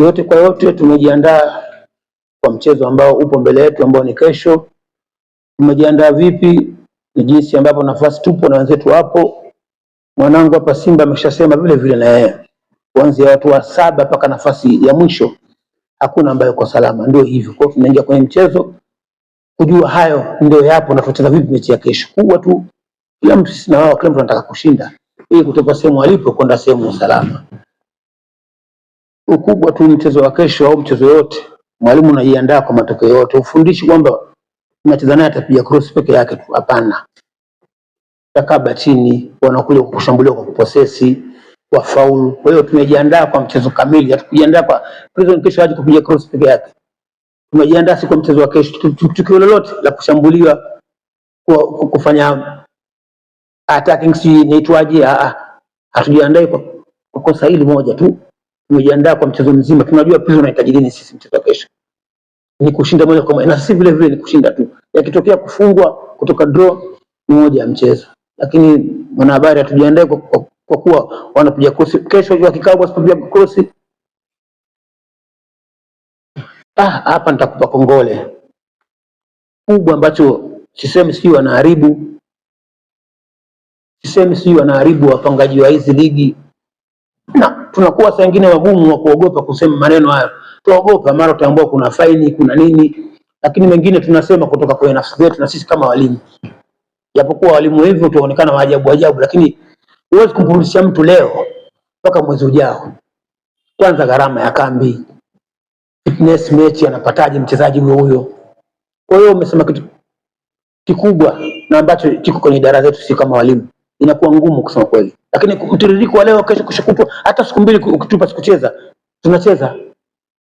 Yote kwa yote, tumejiandaa kwa mchezo ambao upo mbele yetu ambao ni kesho. Tumejiandaa vipi? Ni jinsi ambavyo nafasi tupo na wenzetu hapo. Mwanangu hapa Simba ameshasema vile vile na yeye, kuanzia watu wa saba mpaka nafasi ya mwisho hakuna ambayo kwa salama. Ndio hivyo, kwa hiyo tunaingia kwenye mchezo kujua hayo ndio yapo na tutacheza vipi mechi ya kesho. Kubwa tu kila mtu sisi na wao, kila mtu anataka kushinda ili kutoka sehemu alipo kwenda sehemu salama ukubwa tu mchezo wa kesho au mchezo yote, mwalimu anajiandaa kwa matokeo yote. Ufundishi kwamba nacheza naye atapiga cross peke yake tu, hapana. Takaba chini, wanakuja kushambulia kwa kuposesi, kwa faulu. Kwa hiyo tumejiandaa kwa mchezo kamili, hatukujiandaa kwa Prison kesho aje kupiga cross peke yake. Tumejiandaa si kwa mchezo wa kesho, tukio lolote la kushambuliwa kwa kufanya attacking, si inaitwaje? Ah, ah. Hatujiandai kwa kosa hili moja tu tumejiandaa kwa mchezo mzima, tunajua pia inahitaji nini sisi mchezo wa kesho. Ni kushinda moja kwa moja na sisi vile vile ni kushinda tu. Yakitokea kufungwa kutoka draw ni moja ya mchezo. Lakini mwanahabari atujiandae kwa, kwa, kwa kuwa wanapiga cross kesho, jua kikao basi tupiga Ah, hapa nitakupa kongole kubwa ambacho sisemi sijui wanaharibu, sisemi sijui wanaharibu wapangaji wa hizi ligi tunakuwa saa nyingine wagumu wa kuogopa kusema maneno hayo, tuogopa, mara utaambiwa kuna faini, kuna nini, lakini mengine tunasema kutoka kwa nafsi zetu, na sisi kama walimu, japokuwa walimu hivyo tuonekana maajabu ajabu, lakini huwezi kumrudishia mtu leo mpaka mwezi ujao. Kwanza gharama ya kambi, fitness mechi, anapataje mchezaji huyo huyo? Kwa hiyo umesema kitu kikubwa na ambacho kiko kwenye idara zetu, si kama walimu, inakuwa ngumu kusema kweli lakini mtiririko wa leo, kesho, kesho kutwa, hata siku mbili ukitupa sikucheza, tunacheza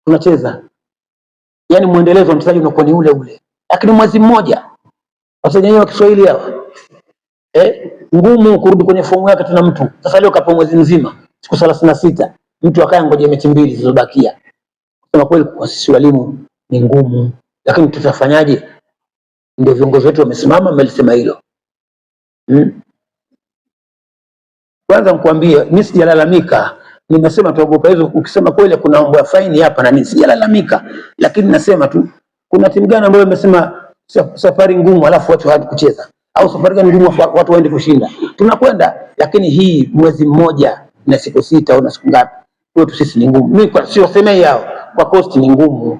tunacheza, yani mwendelezo wa mchezaji unakuwa ni ule ule, lakini mwezi mmoja. Wachezaji wa Kiswahili hawa eh, ngumu kurudi kwenye fomu yake tuna mtu sasa. Leo kapo mwezi mzima, siku 36 mtu akaya ngoje mechi mbili zilizobakia. Kwa kweli kwa sisi walimu ni ngumu, lakini tutafanyaje? Ndio viongozi wetu wamesimama, mmelisema hilo hmm. Kwanza nikwambie, mimi sijalalamika, ninasema tuogopa hizo. Ukisema kweli kuna mambo ya faini hapa na mimi sijalalamika, lakini nasema tu kuna timu gani ambayo imesema safari ngumu, alafu watu hawaje kucheza, au safari gani ngumu, watu waende kushinda? Tunakwenda, lakini hii mwezi mmoja na siku sita au na siku ngapi kwetu sisi ni ngumu. Mimi kwa sio semei yao, kwa coast ni ngumu,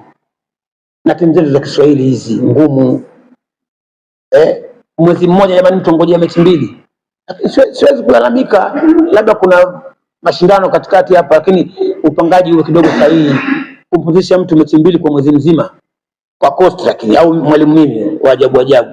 na timu zetu za Kiswahili hizi ngumu. Eh, mwezi mmoja jamani, mtu ngojea mechi mbili siwezi kulalamika, labda kuna mashindano katikati hapa, lakini upangaji uwe kidogo sahihi. Kumpumzisha mtu mechi mbili kwa mwezi mzima kwa kosti, lakini au mwalimu mimi wa ajabu ajabu